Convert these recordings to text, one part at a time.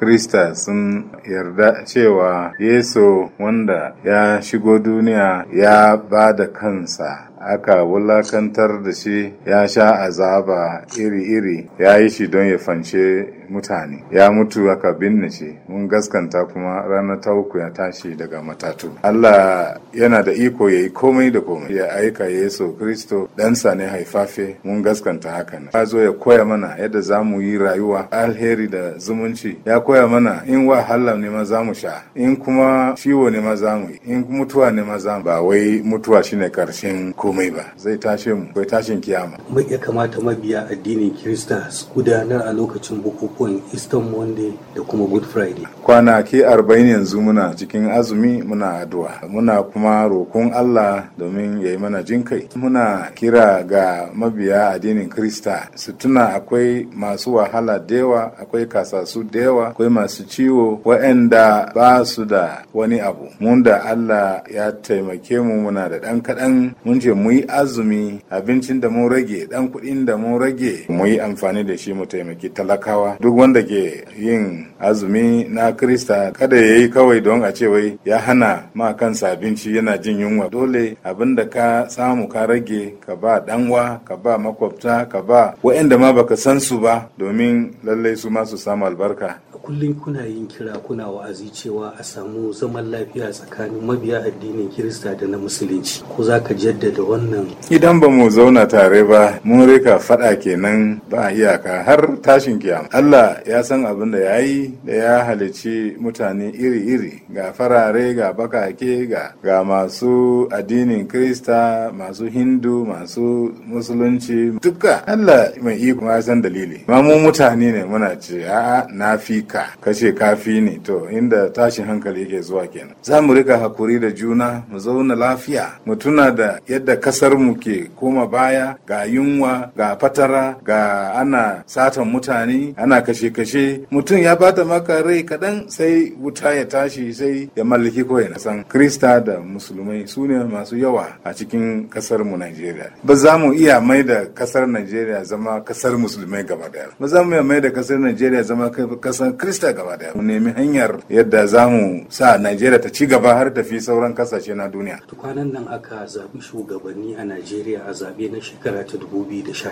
Krista sun yarda cewa Yesu wanda ya shigo duniya ya ba da kansa aka wulakantar da shi ya sha azaba iri-iri ya yi shi don ya fanshe mutane ya mutu aka binne shi mun gaskanta kuma ranar ta uku ya tashi daga matatu Allah yana da iko ya yi komai da komai ya aika Yesu Kristo ɗansa ne haifafe mun gaskanta hakan ya zo ya koya mana yadda za mu yi rayuwa alheri da zumunci ya koya mana in wahala ne ma za mu sha in kuma ciwo ne ma za mu yi in mutuwa ne ma za mu ba wai mutuwa shine karshen komai komai ba zai tashe mu kai tashin kiyama mu ya kamata mabiya addinin kirista su gudanar a lokacin bukukuwan Easter Monday da kuma Good Friday kwanaki arba'in yanzu muna cikin azumi muna addu'a muna kuma roƙon Allah domin ya yi mana jinkai muna kira ga mabiya addinin kirista su tuna akwai masu wahala da yawa akwai kasasu da yawa akwai masu ciwo waɗanda ba su da wani abu mun da Allah ya taimake mu muna da ɗan kaɗan mun je mu yi azumi abincin da mun rage dan kuɗin da mun rage mu yi amfani da shi mu taimaki talakawa duk wanda ke yin azumi na krista kada ya yi kawai don a ce wai ya hana ma kansa abinci yana jin yunwa dole abin da ka samu ka rage ka ba danwa ka ba makwabta ka ba waɗanda ma baka san su ba domin lallai su ma su samu albarka kullum kuna yin kira kuna wa'azi cewa a samu zaman lafiya tsakanin mabiya addinin kirista da na musulunci ko za ka jaddada wannan idan ba mu zauna tare ba mun rika faɗa kenan ba iyaka har tashin kiyama allah ya san abin da ya yi da ya halici mutane iri-iri ga farare ga bakake ga masu addinin kirista masu hindu masu musulunci duka allah mai iko ya san dalili ma mu mutane ne muna ce a'a na fi ka kace kafi ne to inda tashin hankali yake zuwa kenan za mu rika hakuri da juna mu zauna lafiya mu tuna da yadda kasar mu ke koma baya ga yunwa ga fatara ga ana satan mutane ana kashe-kashe mutum ya bata maka rai kaɗan sai wuta ya tashi sai ya mallaki kawai na san krista da musulmai su ne masu yawa a cikin kasar mu najeriya ba za mu iya mai da kasar najeriya zama kasar musulmai gaba daya ba za mu iya mai da kasar najeriya zama kasar krista gaba daya mu nemi hanyar yadda za mu sa najeriya ta ci gaba har ta fi sauran kasashe na duniya kwanan nan aka zaɓi shugabanni a najeriya a zaɓe na shekara ta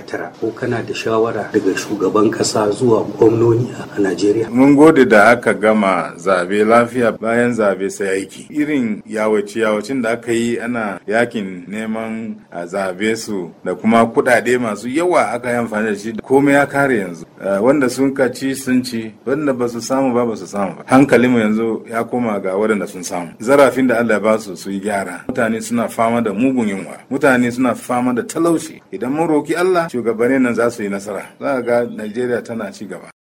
tara, ko kana da shawara daga shugaban ƙasa zuwa gwamnoni a najeriya mun gode da aka gama zaɓe lafiya bayan zaɓe sai aiki irin yawaci yawacin da aka yi ana yakin neman a zaɓe su da kuma kuɗaɗe masu yawa aka yi amfani da shi komai ya kare yanzu eh, wanda sun ka ci sun ci wanda ba su samu ba ba su samu ba hankalinmu yanzu ya koma ga waɗanda sun samu zarafin da Allah ya basu su yi gyara mutane suna fama da mugun yunwa mutane suna fama da talauci idan mun roki Allah shugabannin nan za su yi nasara za ga Najeriya tana ci gaba